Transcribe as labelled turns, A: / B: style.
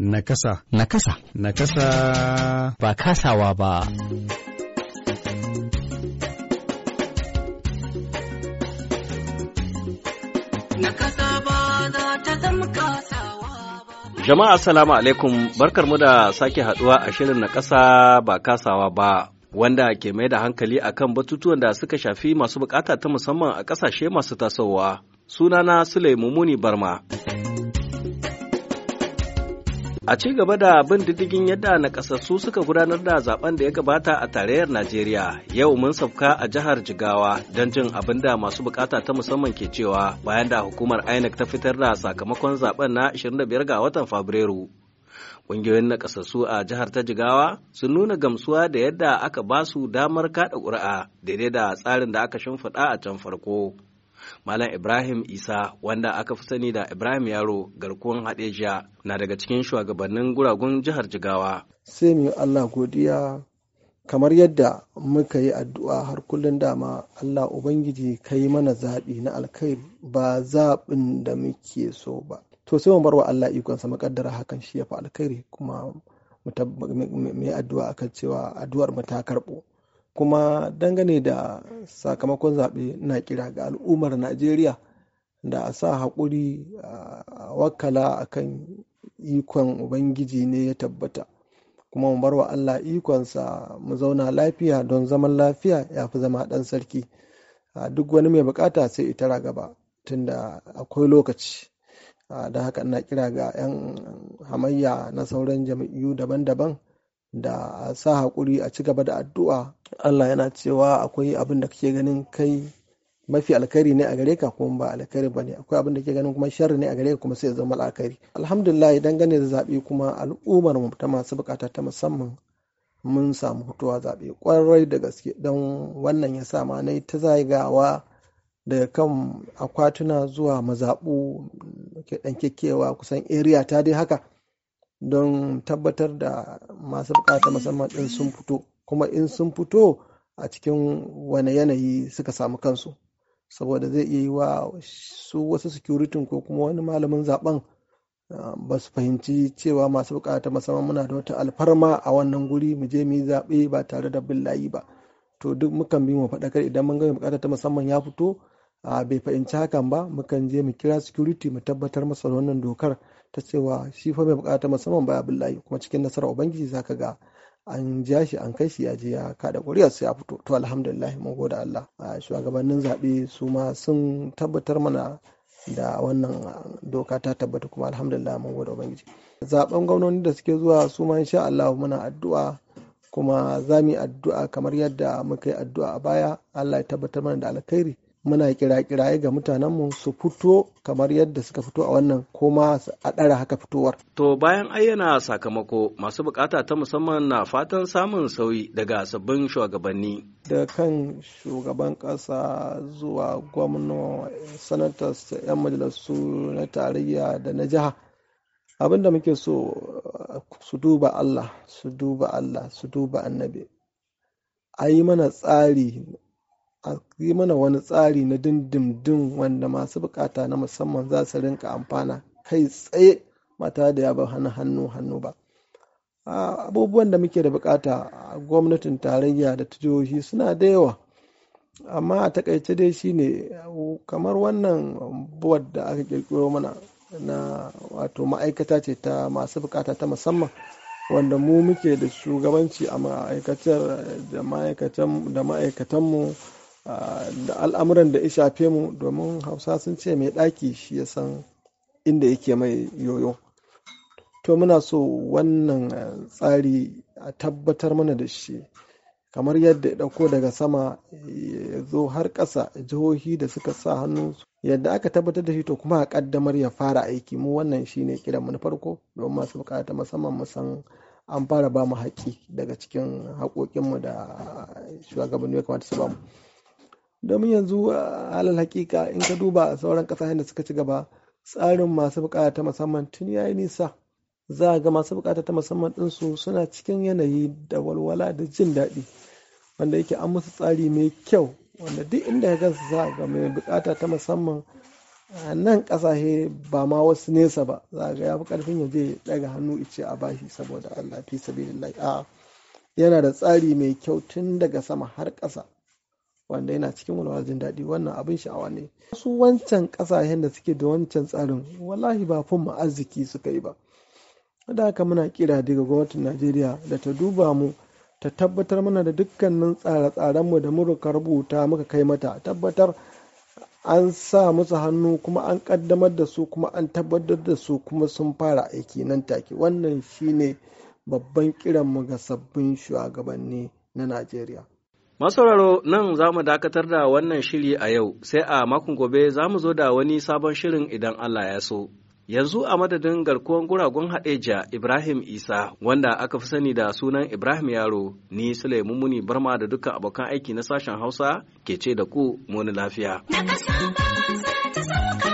A: Nakasa. Nakasa. Nakasa. Ba kasawa ba. Jama'a Assalamu alaikum mu da sake haduwa a shirin na ƙasa ba kasawa ba wanda ke mai da hankali akan batutuwan da suka shafi masu bukata ta musamman a ƙasashe masu tasowa. Sunana sulaimu muni Barma. A ci gaba da bin diddigin yadda nakasassu suka gudanar da zaben da ya gabata a tarayyar Najeriya, yau mun sauka a jihar Jigawa don jin abin da masu bukata ta musamman ke cewa bayan da hukumar INEC ta fitar da sakamakon zaben na 25 ga watan Fabrairu. Ƙungiyoyin nakasassu a jihar ta Jigawa sun nuna gamsuwa da yadda aka ba su damar kaɗa ƙuri'a daidai da tsarin da aka shimfiɗa a can farko. Malam Ibrahim Isa wanda aka fi sani da Ibrahim Yaro garkuwan Hadeja na daga cikin shugabannin guragun jihar Jigawa.
B: Sai mu Allah godiya kamar yadda muka yi addu'a har kullum dama Allah Ubangiji ka yi mana zaɓi na alkhairi ba zaɓin da muke so ba. To sai mu bar wa Allah sa makaddara hakan shi ya fi alkhairi kuma mu yi addu'a akan cewa addu'ar mu ta karɓo. kuma dangane da sakamakon zaɓe na kira ga al'ummar najeriya da a sa haƙuri a wakala a kan ikon ubangiji ne ya tabbata kuma mu barwa allah ikonsa mu zauna lafiya don zaman lafiya ya fi zama ɗan sarki duk wani mai bukata sai ita gaba tunda akwai lokaci da haka ina kira ga 'yan hamayya na sauran jam'iyyu daban-daban da a sa haƙuri a ci gaba da addu'a Allah yana cewa akwai abin da kake ganin kai mafi alkhairi ne a gare ka kuma ba alkhairi bane akwai abin da ke ganin kuma sharri ne a gare ka kuma sai zama alkhairi alhamdulillah dangane da zaɓe kuma al'ummar mu ta masu bukata ta musamman mun samu hutuwa zaɓe kwarai da gaske don wannan ya sa ma nai ta zagawa daga kan akwatuna zuwa mazaɓu ke ɗan kekewa kusan Eriya, ta dai haka don tabbatar da masu bukata musamman in sun fito kuma in sun fito a cikin wani yanayi suka samu kansu saboda zai iya yi wa su wasu security ko kuma wani malamin zaben ba su fahimci cewa masu bukata musamman muna da wata alfarma a wannan guri mu je mu yi zaɓe ba tare da bin ba to duk mukan bi mu faɗakar idan mun ga bukata ta musamman ya fito bai fahimci hakan ba mukan je mu kira security mu tabbatar masa wannan dokar ta cewa shi fa mai bukata musamman baya layi. kuma cikin nasarar ubangiji zaka ga an ja shi an kai shi ya je ya kada ƙuri'ar sai ya fito to alhamdulillah mun gode Allah shugabannin zabe su ma sun tabbatar mana da wannan doka ta tabbata kuma alhamdulillah mun gode ubangiji zaben gwamnoni da suke zuwa su ma insha Allah muna addu'a kuma za mu yi addu'a kamar yadda muka yi addu'a a baya Allah ya tabbatar mana da alkhairi muna kira kiraye ga mutanenmu su fito kamar yadda suka fito a wannan koma a ɗara haka fitowar.
A: To bayan ayyana sakamako masu bukata ta musamman na fatan samun sauyi daga sabbin shugabanni.
B: Da kan shugaban ƙasa zuwa gwamna sanatas 'yan majalisu na tarayya da na jiha abin da muke so su duba Allah su duba Allah su duba annabi a yi mana tsari a yi mana wani tsari na dindindin wanda masu bukata na musamman za su rinka amfana kai tsaye mata da ya bar hannu hannu hannu ba abubuwan da muke da bukata a gwamnatin tarayya da ta suna da yawa amma a takaice dai shine kamar wannan buwar da aka kirkiro mana na wato ma'aikata ce ta masu bukata ta musamman wanda mu muke da shugabanci a ma'aikatar da ma'aikatanmu Ah, da al'amuran da ya shafe mu domin hausa sun ce mai ɗaki shi ya san inda yake mai yoyo to muna so wannan ah, tsari a tabbatar mana da shi kamar yadda ya ɗauko daga sama ya zo har ƙasa jihohi da suka sa hannu yadda aka tabbatar da shi to kuma a ƙaddamar ya fara aiki mu wannan shi ne kiran mu na farko domin masu bukata musamman mu san an fara ba mu haƙƙi daga cikin haƙoƙinmu da shugabanni ya kamata su ba mu domin yanzu alal hakika in ka duba a sauran kasashen da suka ci gaba tsarin masu bukata ta musamman tun yayi nisa za ga masu bukata ta musamman su suna cikin yanayi da walwala da jin daɗi wanda yake an musu tsari mai kyau wanda duk inda ya gansu za ga mai bukata ta musamman a nan kasashe ba ma wasu nesa ba za ga ya fi karfin ya je daga hannu ice a bashi saboda Allah fi sabilillah yana da tsari mai kyau tun daga sama har ƙasa wanda yana cikin wani wajen daɗi wannan abin sha'awa ne su wancan ƙasashen da suke da wancan tsarin wallahi ba fun mu arziki suka yi ba da haka muna kira daga gwamnatin najeriya da ta duba mu ta tabbatar mana da dukkanin tsare tsaren mu da muka rubuta muka kai mata tabbatar an sa musu hannu kuma an kaddamar da su kuma an tabbatar da su kuma sun fara aiki nan take wannan shine babban kiran mu ga sabbin shugabanni na najeriya
A: Masauraro nan za mu dakatar da wannan shiri a yau sai a makon gobe za mu zo da wani sabon shirin idan Allah ya so. Yanzu a madadin garkuwan guragun haɗeja Ibrahim Isa wanda aka fi sani da sunan Ibrahim Yaro ni sulaimun Muni Barma da dukkan abokan aiki na sashen Hausa ke ce da ku muni lafiya.
B: Na